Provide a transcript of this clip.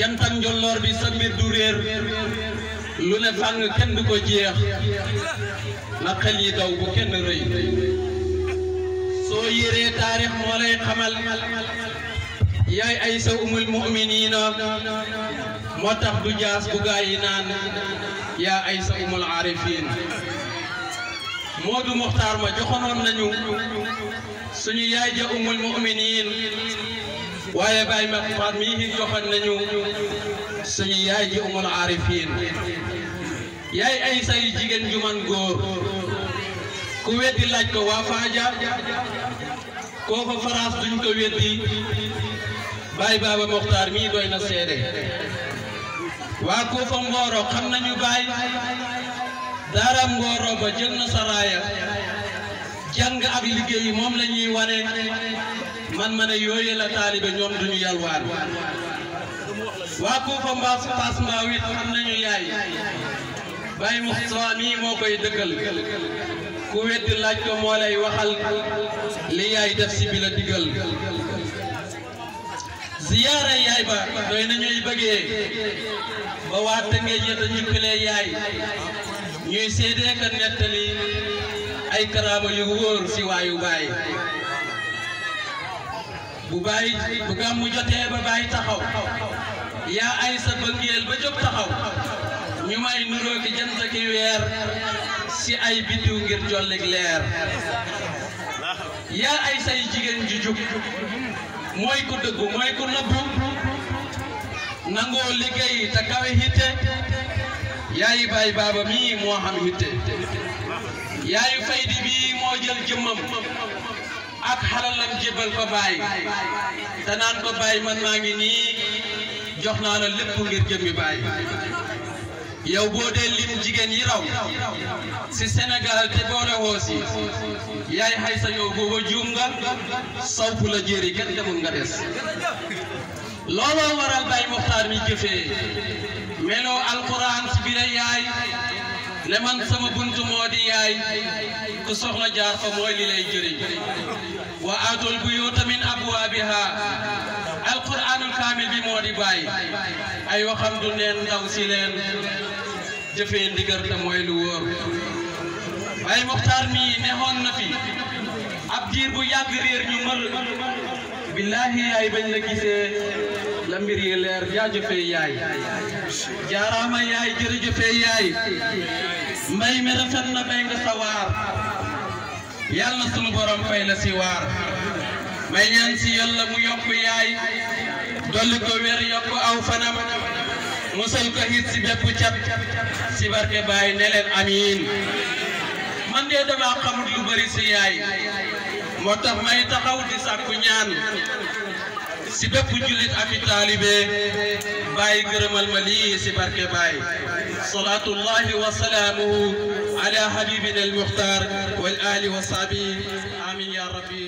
jantak njolloor bi sa mbir du réer lu ne fàng kenn du ko jeex na xel yi daw bu kenn rëy soo yéree taarix moo lay xamal yaay Aysa umul mu'miniina moo tax du jaas bu gaa yi naan yaa Aysa umul aarifiin Moodu Muxtaar yaay ja umul mu'miniin waaye Baye Mahmoud mii joxoon nañu suñu yaay ji umul aarifiin yaay ay say jigéen ju man góor ku weddi laaj ko waa Faaja koo fa faraas duñ ko weddi Baye Baba Mokhtar mii doy na seede waa Kuufa Mbooro xam nañu Baye daara Mbooro ba jël na saraaya jàng ak liggéey yi moom lañuy ñuy wane man ma ne yooyu la taalibe ñoom duñu yalwaan waa Kuufa Mbaas Paas Mbaaw it am nañu yaay Baye moo koy dëkkal ku weddi laaj ko moo lay waxal li yaay def si bi la digal yaay ba doy nañuy bëggee ba waa Tëngéej yeta ñippilee yaay ñuy seedee ka nettali ay karaama yu wóor si waayu baay bu baay bu gàmmu jotee ba baay taxaw yaa ay sa bëggeel ba jóg taxaw ñu may nuroo ki jant ki weer si ay biddiw ngir jollik leer yaa ay say jigéen ju jub mooy ku dëggu mooy ku nëbbu nangoo liggéey te kawe hitte yaayu baay baaba mii moo xam yitte yaayu faydi bii moo jël jëmmam ak xalalam jébal ko baay te naan baay man maa ngi nii jox naa la lépp ngir jëmmi baay yow boo dee lim jigéen yi raw si Sénégal te boole woo yaay xay yow booba juum nga sawfu la jéeri kenn demul looloo waral bay muxtaar mi jëfee meloo alquran si bi la yaay ne man sama ku soxla jaar fa mooy li lay jëriñ wa aatul buyuuta min abwaabiha alquranul kaamil bi moo di bàyyi ay du neen ndaw si leen jëfee ndigal te mooy lu wóor bay muxtaar mi nexoon na fi ab diir bu yàgg réer ñu mël billahi yaay bañ la gisee la mbir yi leer jaajëfe yaay jaaraama yaay jërëjëfe yaay mbay mi rafet na bay waar yàlla sunu fay la si waar may ñaan si yàlla mu yokk yaay dolli ko yokk aw fanam musal ko hit si bépp si barke baay ne amiin man de dama xamut lu bari si yaay moo tax may taxaw di sàkku ñaan si bépp jullit ak i taalibe bàyyi gërëmal ma lii si barke baay salaatullahi wa salaamuhu ala habibina al muxtaar wal ali wa sahbi amin ya rabbi